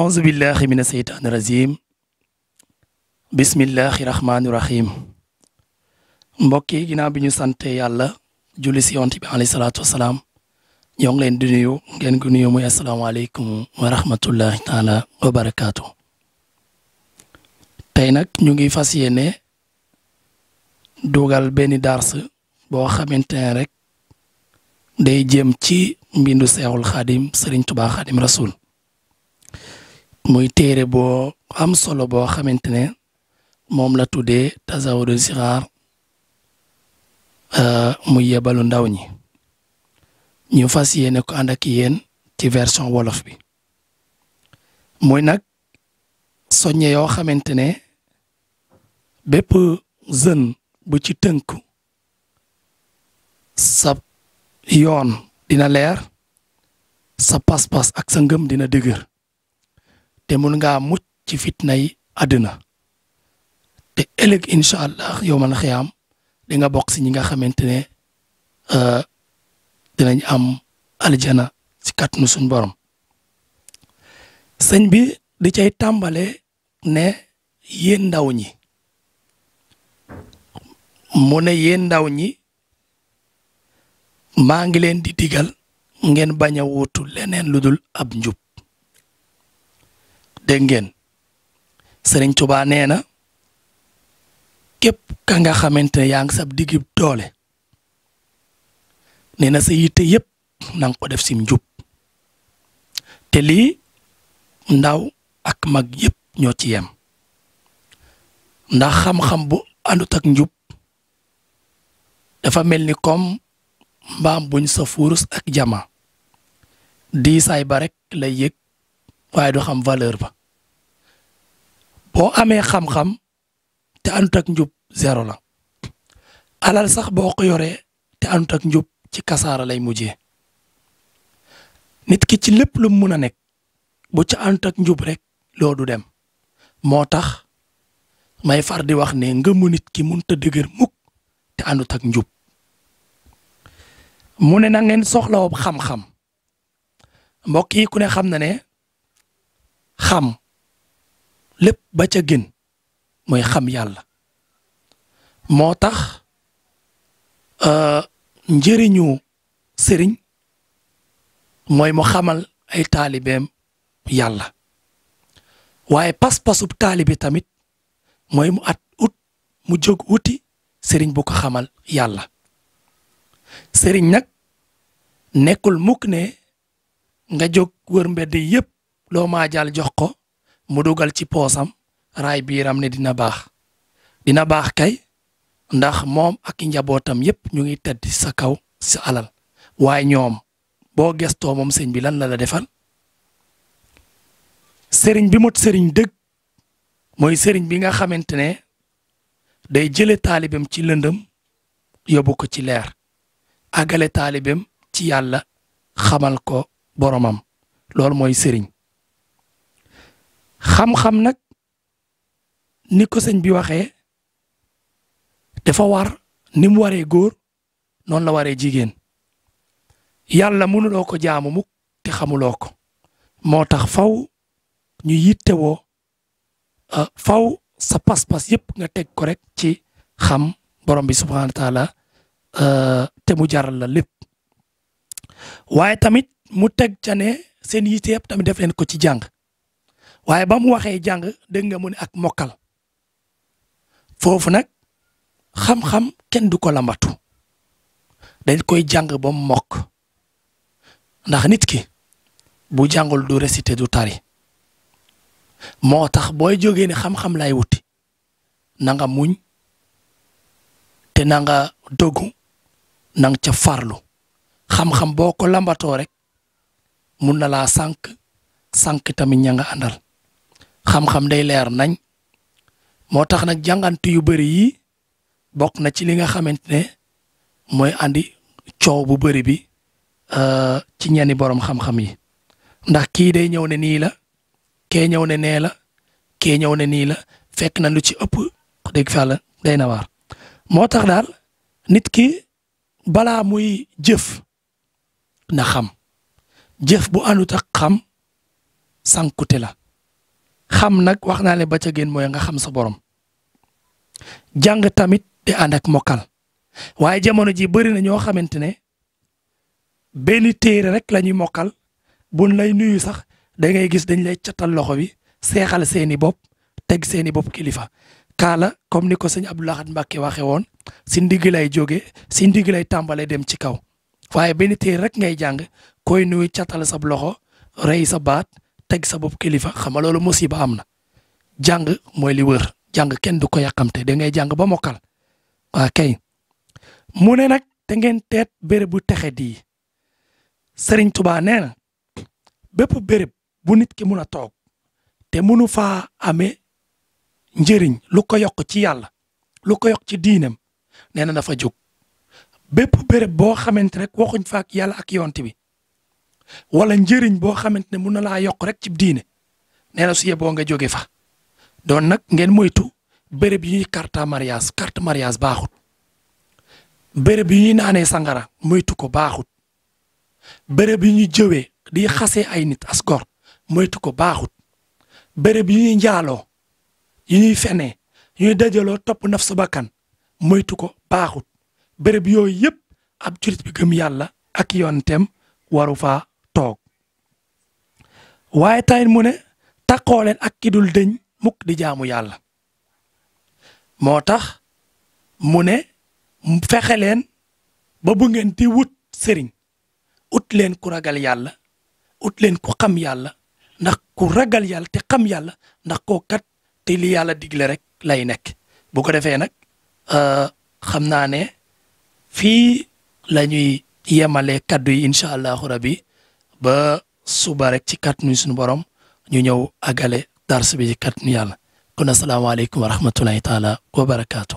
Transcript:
auzu billahi min aseytaani rajim bismillahi rahmaani rahim mbokk yi ginnaaw bi ñu sante yàlla juli si yonent bi alayhi salaatu wasalaam ñoo ngi leen di nuyu ngeen ko nuyu muy asalaamaaleykum wa taala wa tey nag ñu ngi fas yéene dugal benn dars boo xamante ne rek day jëm ci mbindu seexul xaadim sëriñ tubaa xaadim rasul muy téere boo am solo boo xamante ne moom la tuddee tasawudu sixaar euh, mu yebalu ndaw ñi ñu fas yéene ko ànd ak yéen ci version wolof bi muy nag soññe yoo xamante ne bépp jeune bu ci tënku sa yoon dina leer sa pas-pas ak sa ngëm dina dëgër te mun ngaa mucc ci fitna yi aduna te elek inshallah allah yow man xiyam di nga bok ci nga xamantene euh dinañ am aljana ci katnu sun borom señ bi di cey tambale ne yen ndaw ñi yen ne yeen ndaw ñi ma ngi leen di digal ngeen baña wotul leneen ab njub dégg ngeen sëriñ Tuubaa na képp ka nga xamante yaa ngi sab digib doole nee na sa yitte yëpp na ko def sim njub te lii ndaw ak mag yëpp ñoo ci yem ndax xam-xam bu àndut ak njub dafa mel ni comme mbaam buñ sa fuurus ak jama diisaay ba rek lay yég waaye du xam valeur ba boo amee xam-xam te anut ak njub zéro la alal sax boo ko yoree te àndut ak njub ci kasaara lay mujjee nit ki ci lépp lu mun a nekk bu ci anut ak njub rek loo du dem moo tax may far di wax ne ngëmu nit ki mënut ta dëgër mukk te anut ak njub mu ne na ngeen soxlawoo xam-xam mbokk yi ku ne xam na ne. xam lépp ba ca gën mooy xam yàlla moo tax euh, njëriñu sëriñ mooy mu xamal ay taalibeem yàlla waaye pas-pasub taalibi tamit mooy mu at ut mu jóg wuti sëriñ bu ko xamal yàlla sëriñ nag nekkul mukk ne nga jóg wër mbedd yépp loo maa jàll jox ko mu dugal ci poosam raay biiram ne dina baax dina baax kay ndax moom ak njabootam yépp ñu ngi tedd sa kaw sa alal waaye ñoom boo gestoo moom sëñ bi lan la la defal sëriñ bi mot sëriñ dëgg mooy sëriñ bi nga xamante ne day jële taalibam ci lëndëm yóbbu ko ci leer àggale taalibam ci yàlla xamal ko boromam loolu mooy sëriñ xam-xam nak ni ko señ bi waxee dafa war ni mu waree non noonu la jigen yalla yàlla do ko jaamu mu te xamuloo ko faw ñu wo faw sa pas pass yëpp nga tek ko rek ci xam borom bi subhanahu wa taala te mu jaral la lepp waye tamit mu tek ca ne seen tamit def len ko ci jang waaye ba mu waxee jàng dégg nga mu ne ak mokkal foofu nag xam-xam kenn du ko lambatu dañ koy jàng bam mu ndax nit ki bu jàngul du récité du tari moo tax booy jógee ne xam-xam lay wuti nanga nga muñ te nanga dogu na nga ca farlu xam-xam boo ko lambatoo rek mun na laa sànq sànq tamit ña nga àndal xam-xam day leer nañ moo tax nag jàngante yu bëri yi bokk na ci li nga xamante ne mooy andi coow bu bëri bi euh, ci ñenni borom xam-xam yi ndax kii day ñëw ne nii la kee ñëw ne nee la kee ñëw ne nii la fekk na lu ci ëpp dégg fa day na waar moo tax daal nit ki balaa muy jëf na xam jëf bu àndut tax xam sànkute la xam nag wax naa ne ba ca gën mooy nga xam sa borom jàng tamit di ànd ak mokkal waaye jamono ji bëri na ñoo xamante ne benn téere rek lañuy ñuy mokkal buñ lay nuyu sax dangay gis dañ lay catal loxo bi seexal seeni bopp teg seeni bopp kilifa kaala comme ni ko sëñ Abdou Lahad waxe woon si ndigg lay jóge si ndigg lay tàmbale dem ci kaw waaye benn téere rek ngay jàng koy nuyu catal sa loxo rey sa baat teg sa bop kilifa xama nga musiba amna jang moy li wër jang kenn du ko yakamte de ngay jang ba mokal wa kay mune nak te ngeen tet bere bu texe di Serigne Touba neena bepp bere bu nit ki muna tok te munu fa amé njeriñ lu ko yok ci yalla lu ko yok ci dinam neena na fa juk bepp bere bo rek waxuñ fa ak yalla ak yontibi wala njëriñ boo xamante ne mun na laa yokk rek ci diine nee na su yeboo nga jóge fa doon nag ngeen moytu béréb yi ñuy carte mariage carte mariage baaxut béréb yi ñuy sangara moytu ko baaxut bërëb yi ñuy jëwee di xasee ay nit as moytu ko baaxut béréb yi ñuy njaaloo yi ñuy fenee ñuy dajaloo topp naf su bakkan moytu ko baaxut bërëb yooyu yëpp ab julit bi gëm yàlla ak yoonteem waru faa toog waaye tamit mu ne takkoo leen ak ki dëñ mukk di jaamu yàlla moo tax mu ne fexe leen ba bu ngeen di wut sëriñ ut leen ku ragal yàlla ut leen ku xam yàlla ndax ku ragal yàlla te xam yàlla ndax ko kat te li yàlla digle rek lay nekk bu ko defee nag euh, xam naa ne fii la ñuy yemale kaddu yi incha allahu rabi ba suba rek ci kàttanu suñu borom ñu ñëw àggale dars bi ci kàttanu yàlla kon asalaamaaleykum wa rahmatulahi taala wa barakaatu.